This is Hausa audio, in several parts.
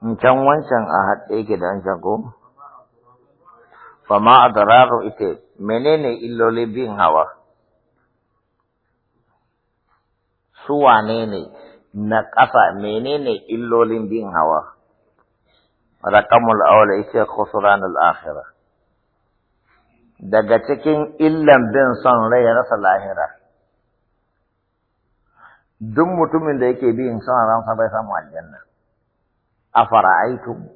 can wancan a haɗe yake da wancan ko fama a dararo ita menene illoli bin hawa su wane ne na ƙasa menene illolin bin hawa rakamul awla ita kusuran al daga cikin illan bin son rai ya rasa lahira duk mutumin da yake bin son ransa bai samu aljanna أفرأيتم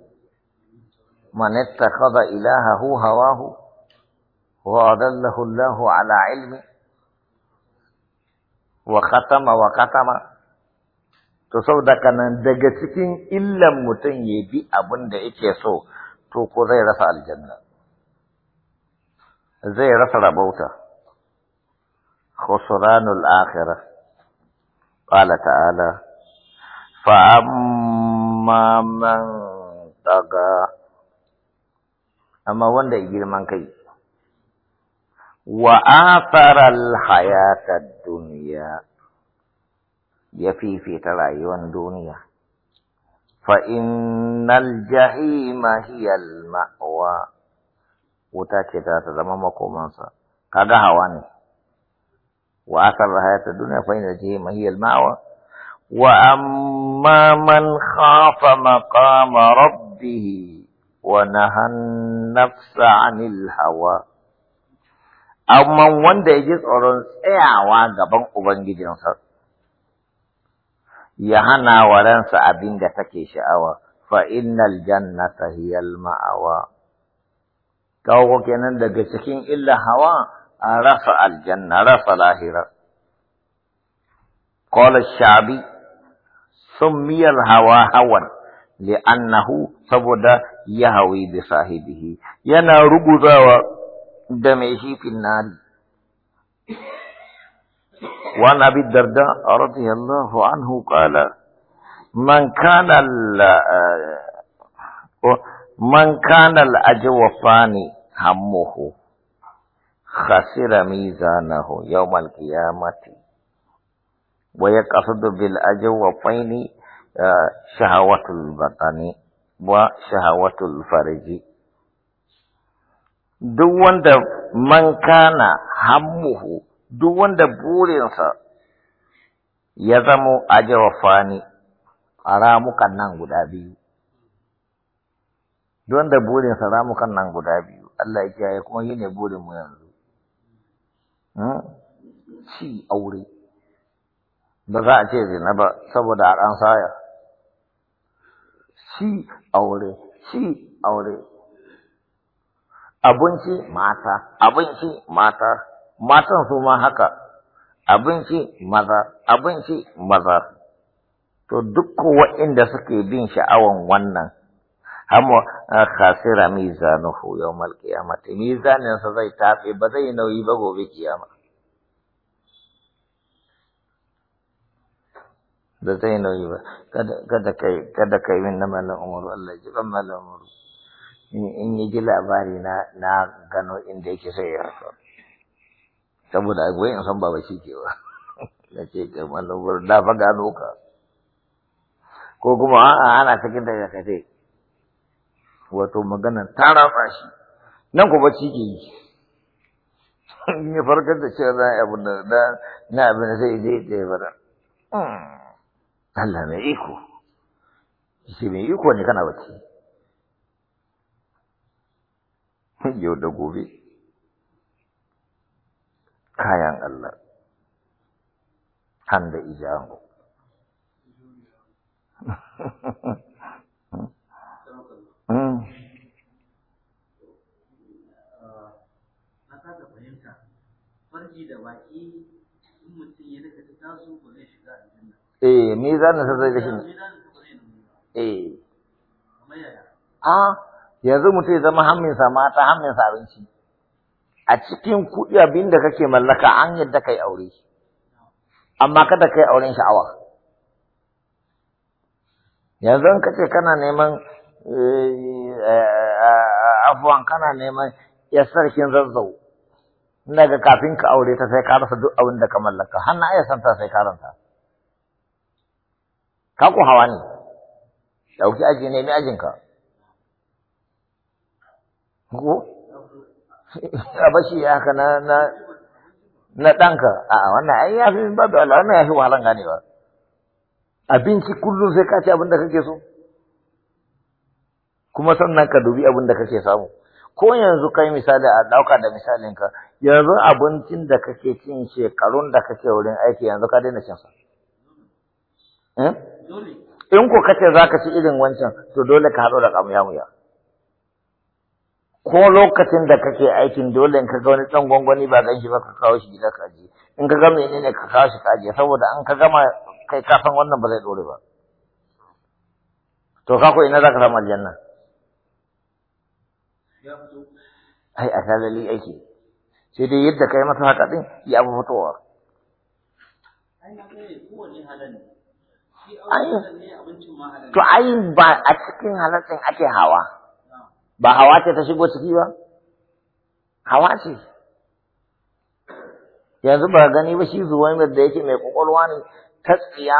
من اتخذ إلهه هواه وأضله الله على علم وختم وختم to saboda nan daga cikin illan mutum ya bi abin da yake so to ko zai rasa aljanna zai rasa rabauta khusranul akhirah qala ta'ala fa kuma man daga amma wanda girman kai wa afaral hayatad dunya ya fifita rayuwar duniya fa innal jahima hiyal ma'wa wuta ce ta zama makomansa kaga hawa ne wa asar hayatad duniya fa innal jahima hiyal ma'wa وأما من خاف مقام ربه ونهى النفس عن الهوى amma wanda ya ji tsoron tsayawa gaban Ubangijinsa, ya hana wa ransa abin da take sha'awa, fa'innal jannata hiyal ma'awa. Kawo kenan daga cikin illa hawa a rasa aljanna, rasa lahira. Kola shabi. سمي الهوى هوا لأنه سبدا يهوي بصاحبه ينا رجزا دمعه في النار وعن أبي الدرداء رضي الله عنه قال من كان من كان الأجوفان همه خسر ميزانه يوم القيامة ويقصد بالأجوفين Eh, shahawatul batani wa shahawatul fariji duk wanda man kana hammuhu duk wanda burinsa ya zamo ajawafani a ramukan nan guda biyu duk wanda burinsa ramukan nan guda biyu Allah ya kiyaye kuma yi ne mu yanzu hmm? ci aure ba za a ce zina ba saboda a ɗan saya Ci aure shi aure abinci mata abinci mata matan su ma haka abinci maza abinci maza to duk waɗanda suke bin sha'awan wannan amma ah, khasira mizanuhu yawmal qiyamati mizanin sa zai tafi ba zai nauyi ba gobe kiyama da zai nauyi ba kada kai kada kai min na mallan umaru Allah ji ban mallan umaru in yi ji labari na na gano inda yake sai ya rasa saboda agwai in san baba shi ke ba na ce ga mallan umaru da fa gano ka ko kuma a ana cikin da ya ce wato magana ta rafa shi nan ko bacci ke yi in ya farkar da cewa na yi abin da na abin da sai zai tsaye ba Allah mai iko shi mai iko ne kana wace. yau da gobe kayan Allah handa ijamu hmm. da in mutum ya ta zai shiga eh mizanin sa zai da shi eh a ah, yanzu mutum ya zama hamminsa mata hamminsa abinci a cikin kuɗi abin da kake mallaka an yadda kai aure amma kada kai auren sha'awa yanzu in kace kana neman eh, eh, eh, afuwan kana neman ya sarkin zazzau daga kafin ka aure ta sai ka rasa duk abin da ka mallaka har na iya santa sai ka ranta ka ku hawa ne dauki aji ne mai ajin ka ko a bashi ya haka na na na ɗanka a wannan ai ya fi babu Allah wannan ya fi wahalan ganewa abinci kullum sai ka ci abin da kake so kuma sannan ka dubi abin da kake samu ko yanzu kai misali a ɗauka da misalinka yanzu abincin da kake cin shekarun da kake wurin aiki yanzu ka daina cin sa eh in ko kace za ka ci irin wancan to dole ka haɗu da ƙamuya-muya ko lokacin da kake aikin dole in ka ga wani ɗan gwangwani ba ganshi shi ba ka kawo shi gida ka ajiye in ka gama ne ka kawo shi ka saboda an ka gama kai ka san wannan ba zai ɗore ba to ka ko ina za ka samu aljanna ai a salali aiki sai dai yadda kai masa haka din ya abu fitowa to ai ba a cikin halaccin ake hawa ba hawa ce ta shigo ciki ba hawa ce yanzu ba gani ba shi zuwaimar da yake mai kwakwalwa ne ta tsiya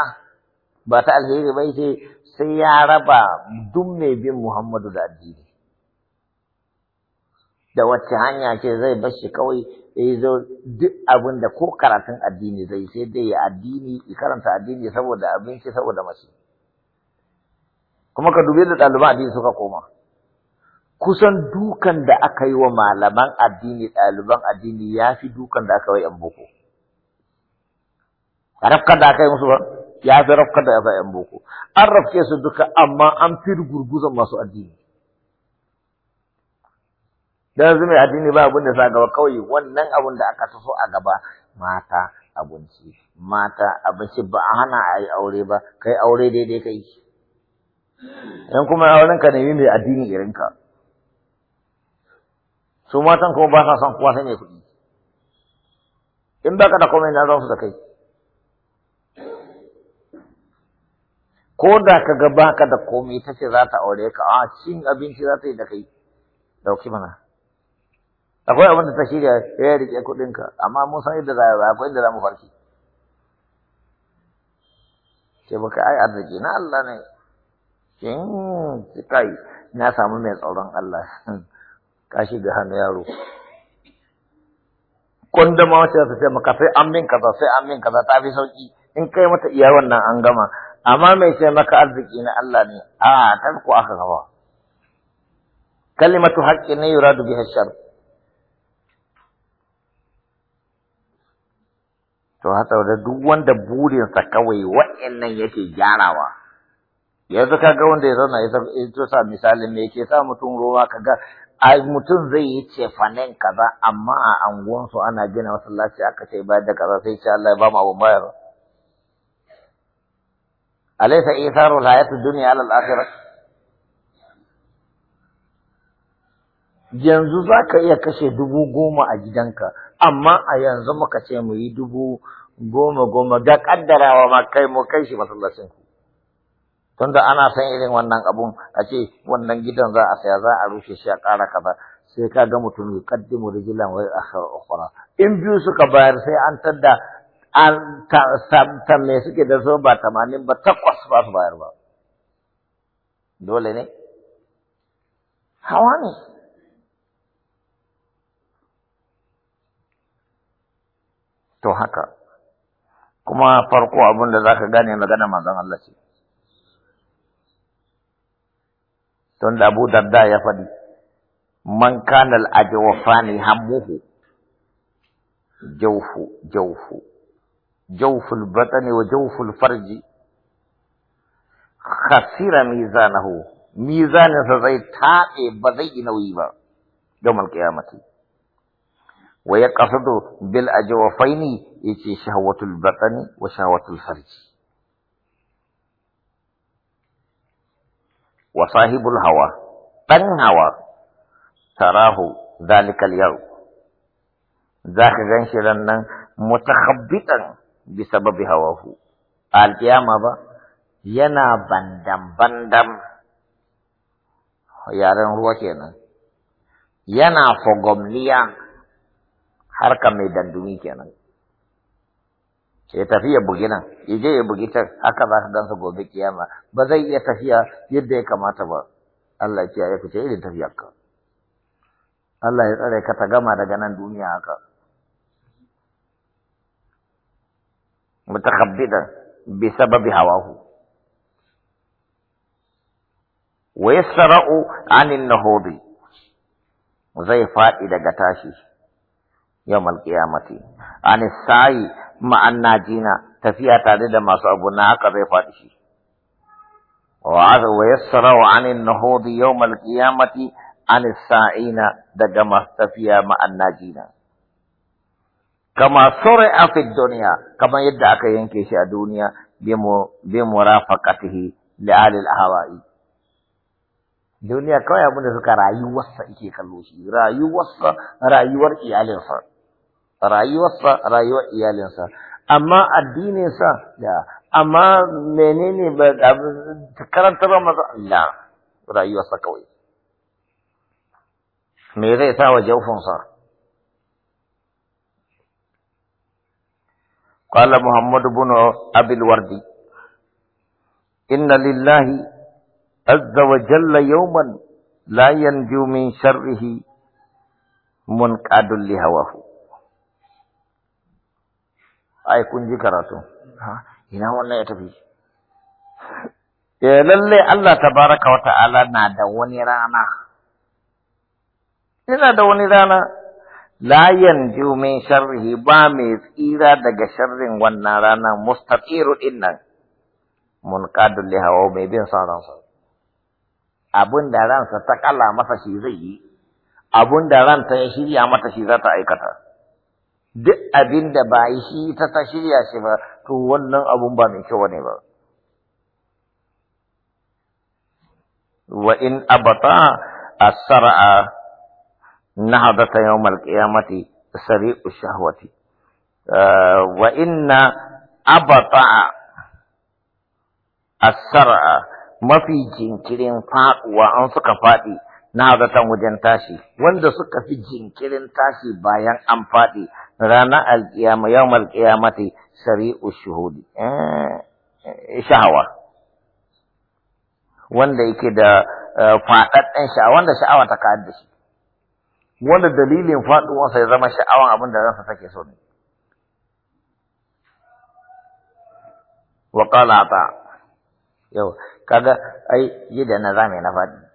ba ta alheri ba ce sai ya raba duk mai bin muhammadu da addini da wacce hanya ce zai bar shi kawai ya zo duk abin da ko karatun addini zai sai dai ya addini ya karanta addini saboda abinci saboda mace kuma ka dubi da ɗaliban addini suka koma kusan dukan da aka yi wa malaman addini ɗaliban addini ya fi dukan da aka yi yan boko rafkar da aka yi musu ba ya fi rafkar da aka yi yan boko an rafke su duka amma an fi gurguzan masu addini dan yanzu addini ba abin da sa gaba kawai wannan abin da aka taso a gaba mata abinci mata abinci ba a hana a yi aure ba kai aure daidai kai dan kuma auren ka nemi mai addini irin ka su matan kuma ba sa son kuwa sai mai kuɗi in baka da komai na za su da kai ko da ka ga baka da komai tace za ta aure ka a cin abinci za ta yi da kai dauki mana akwai abin da ta shirya ya rike kuɗinka amma mun san yadda za a akwai yadda za mu farki ke baka ai arziki na Allah ne kin kai na samu mai tsoron Allah ka shiga hannu yaro kondama wacce za ta ce maka sai an min kaza sai an min kaza ta fi sauki in kai mata iya wannan an gama amma mai sai maka arziki na Allah ne a tarko aka gaba kalimatu haqqi ne yuradu biha shar to da duk wanda burinsa kawai wa'annan yake gyarawa yanzu ka ga wanda ya zauna ya sa misalin me ke sa mutum ruwa ka ga a mutum zai yi cefanen kaza amma a anguwansu ana gina masallaci aka ce bayar da kaza sai ce Allah ya ba mu abun bayar alaysa isarul hayatu dunya alal akhirah yanzu za ka iya kashe dubu goma a gidanka amma a yanzu muka ce mu yi dubu goma goma ga kaddarawa ma kai mu kai shi masallacin ku tunda ana san irin wannan abun a ce wannan gidan za a saya za a rushe shi a ƙara kaza sai ka ga mutum ya kaddimu rijilan wai akhar ukhra in biyu suka bayar sai an tadda an ta me suke da so ba tamanin ba takwas ba su bayar ba dole ne hawa ne to haka kuma farko abin da zaka gane magana manzon Allah ce don da Abu Darda ya faɗi man kana al-ajwafani hammuhu jawfu jawfu jawful batni wa jawful farji khasira mizanahu mizaninsa zai taɓe ba zai yi nauyi ba yawmal qiyamati ويقصد بالأجوفين يتي شهوة البطن وشهوة الفرج وصاحب الهوى بن هوى تراه ذلك اليوم ذاك غنش لنا متخبطا بسبب هواه يا مابا ينا بندم بندم يا رنوكينا ينا ينا فقمليا harkar mai dandumi kenan ya tafi ya bugi nan ya je ya bugi can haka za ka gansa gobe kiyama ba zai iya tafiya yadda ya kamata ba Allah ya ku ce irin tafiyar ka Allah ya tsare ka ta gama daga nan duniya haka mutakabbidan bi sababi hawahu wa sara'u anin nahudi zai faɗi daga tashi يوم القيامة عن السعي مع الناجين تفيا تعدد ما صعبنا قضي فاتشي ويسر عن النهوض يوم القيامة عن السائين دقم تفيا مع الناجين كما سرع في الدنيا كما يدعك ينكيش الدنيا بمرافقته لآل الأهواء duniya kawai رأي da إيكي rayuwarsa رأي kallo رأي ورئي rayuwar iyalinsa رايوسا رايو ايالينسا اما الدينيسا لا اما منيني تكرمت رمضان لا رايوسا قوي ميزه يتاوى جوفون صار قال محمد بن ابي الوردي ان لله عز وجل يوما لا ينجو من شره منقاد لهواه ai kun ji karatu ha ina wannan ya tafi eh lalle Allah tabaraka wa ta'ala na da wani rana ina da wani rana la yanju min sharrihi ba mai tsira daga sharrin wannan rana mustatiru inna munqadu li hawa mai bin sa abun da ransa ta kala masa shi zai yi abun da ranta ya shirya mata shi za ta aikata duk abin da ba shi ta ta shirya shi ba to wannan abun ba mai kyau ne ba wa in abata asra'a nahadata yawmal qiyamati sari'u shahwati uh, wa in abata asra'a mafi jinkirin faɗuwa an suka faɗi na zatan wajen tashi wanda suka fi jinkirin tashi bayan an faɗi ranar alƙiyama yau malƙiyamati shari'u shuhudi eh, shahawa wanda yake da eh, faɗaɗɗen sha'awa wanda sha'awa ta kayar da shi wanda dalilin faɗuwansa ya zama sha'awan abin da ransa take so ne wa qala ta yau kaga ai yi da na zame na faɗi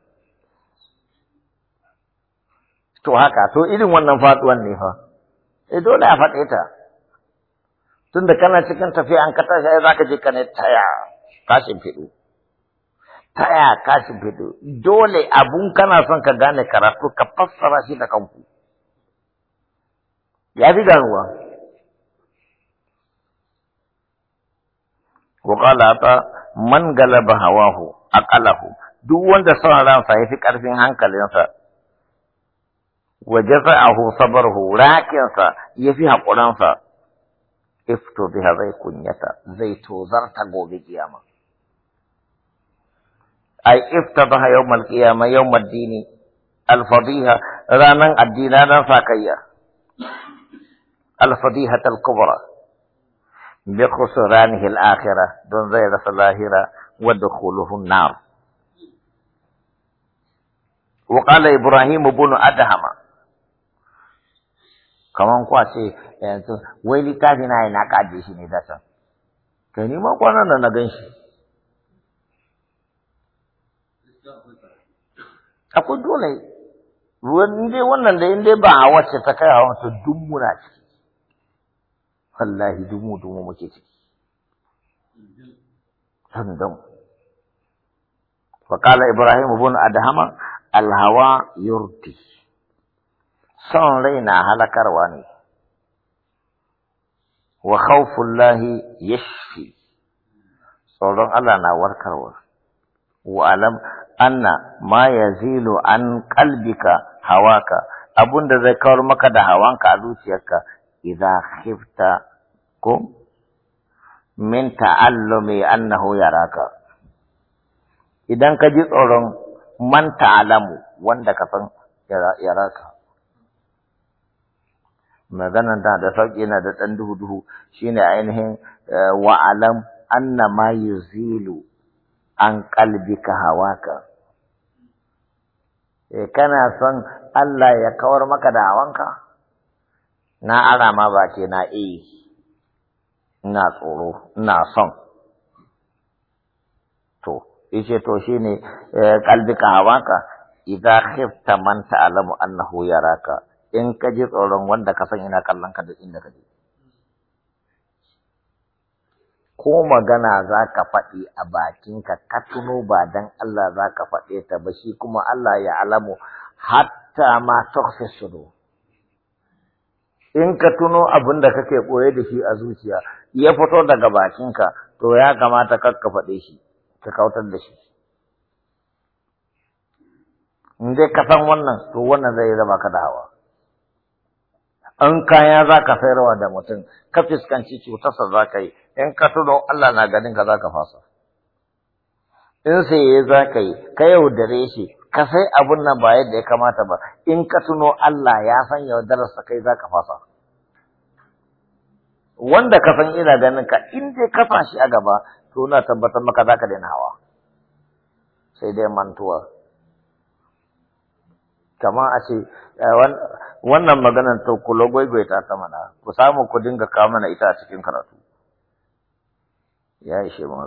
to haka to irin wannan faduwan ne fa eh dole a faɗe ta tunda kana cikin tafiya an ka tashi za ka je ka ne taya kashin fido taya kashin fido dole abun kana son ka gane karatu ka fassara shi da kanku ya fi ganuwa وقال ta man galaba hawahu aqalahu duk wanda son ransa ya fi ƙarfin hankalinsa وجزعه صبره يفيها قران سا افتو بها زي كنيتا زي توزرتا قوبي قياما أي افتضها يوم القيامة يوم الدين الفضيحة رانا الدينانا ساكيا الفضيحة الكبرى بخسرانه الآخرة دون زيادة الآخرة ودخوله النار وقال إبراهيم بن أدهم kaman kwa ce yanzu eh, wai littafi na na kaje shi ne dasa to ni ma kwanan nan na gan shi akwai dole ruwan dai wannan da in dai ba a wacce ta kai a ta duk na ciki wallahi dumu dumu muke ciki sandan وقال إبراهيم بن أدهم الهوى يرتي son rai na halakarwa ne wa khawfullahi yashfi tsoron Allah na warkarwa wa alam anna ma yazilu an qalbika hawaka abunda zai kawar maka da hawanka a zuciyarka idza khifta ko min ta'allumi annahu yaraka idan ka ji tsoron man ta'alamu wanda ka san yaraka maganan da da sauƙi yana da ɗan duhu-duhu shine ainihin eh, wa'alam anna ma yuzilu an hawaka eh kana son Allah ya kawar maka da hawanka na arama ba ke na eh ina tsoro ina son to yace to shine eh, qalbika hawaka idza khifta man ta'lamu annahu yaraka in ka ji tsoron wanda ka san ina kallon ka duk inda ka je. Ko magana za ka faɗi a bakinka ka tuno ba dan Allah za ka faɗe ta ba shi kuma Allah ya alamu hatta ma tukhfi In ka tuno abin da kake ɓoye da shi a zuciya ya fito daga bakinka to ya kamata kar ka faɗe shi ka kautar da shi. In dai ka san wannan to wannan zai zama ka da hawa. in kaya za ka sayarwa da mutum ka fuskanci cutarsa za ka yi in ka tuno Allah na ganin ka za ka fasa in saye za ka yi ka yaudare shi ka sai abun nan ba yadda ya kamata ba in ka tuno Allah ya san yaudararsa kai za ka fasa wanda ka san ina ganin ka in dai ka fashi a gaba to na tabbatar maka za ka daina hawa sai dai mantuwa kamar a ce eh, wannan maganar ta ku lagwaigwai ta ta mana ku samu ku dinga kawo mana ita a cikin karatu ya ishe mu